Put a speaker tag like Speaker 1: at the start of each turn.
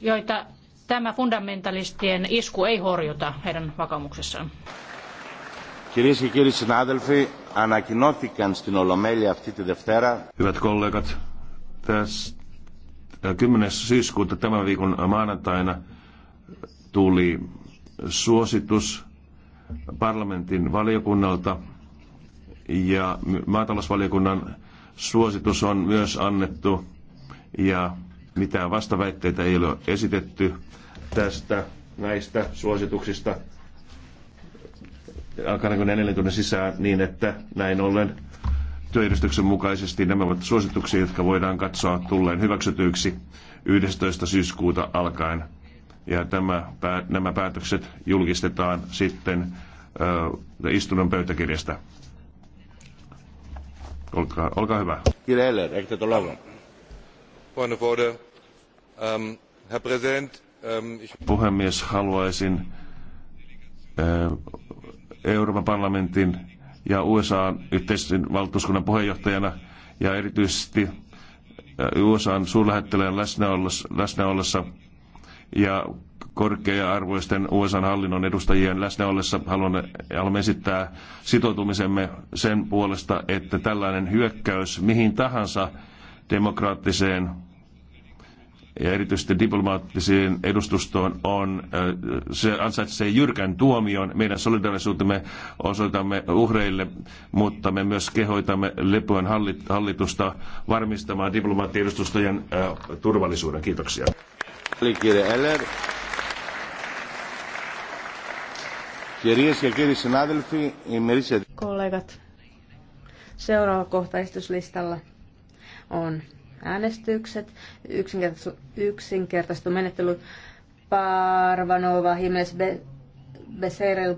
Speaker 1: joita tämä fundamentalistien isku ei horjuta heidän vakaumuksessaan.
Speaker 2: Κυρίες και κύριοι συνάδελφοι, ανακοινώθηκαν στην Ολομέλεια αυτή τη Δευτέρα. Hyvät kollegat, tässä
Speaker 1: 10. syyskuuta tämän viikon maanantaina tuli suositus parlamentin valiokunnalta ja maatalousvaliokunnan suositus on myös annettu ja mitään vastaväitteitä ei ole esitetty tästä näistä suosituksista alkaa 4 tunnin sisään niin, että näin ollen työjärjestyksen mukaisesti nämä ovat suosituksia, jotka voidaan katsoa tulleen hyväksytyiksi 11. syyskuuta alkaen. Ja tämä, nämä päätökset julkistetaan sitten uh, istunnon pöytäkirjasta. Olkaa, olkaa hyvä. Kiitos.
Speaker 2: Kyllä, Eller, eikö te Ähm, ähm,
Speaker 1: Puhemies, haluaisin äh, Euroopan parlamentin ja USAn yhteisen valtuuskunnan puheenjohtajana ja erityisesti äh, USAn suurlähettilään läsnä ollessa ja korkea-arvoisten USAn hallinnon edustajien läsnä ollessa haluamme, esittää sitoutumisemme sen puolesta, että tällainen hyökkäys mihin tahansa demokraattiseen ja erityisesti diplomaattiseen edustustoon on, äh, se ansaitsee jyrkän tuomion. Meidän solidarisuutemme osoitamme uhreille, mutta me myös kehoitamme Lepoon hallitusta varmistamaan diplomaattiedustustojen äh, turvallisuuden. Kiitoksia. Kollegat, seuraava kohta on äänestykset,
Speaker 2: yksinkertaistu, menettely, Parvanova, Himes, Be, Beserel,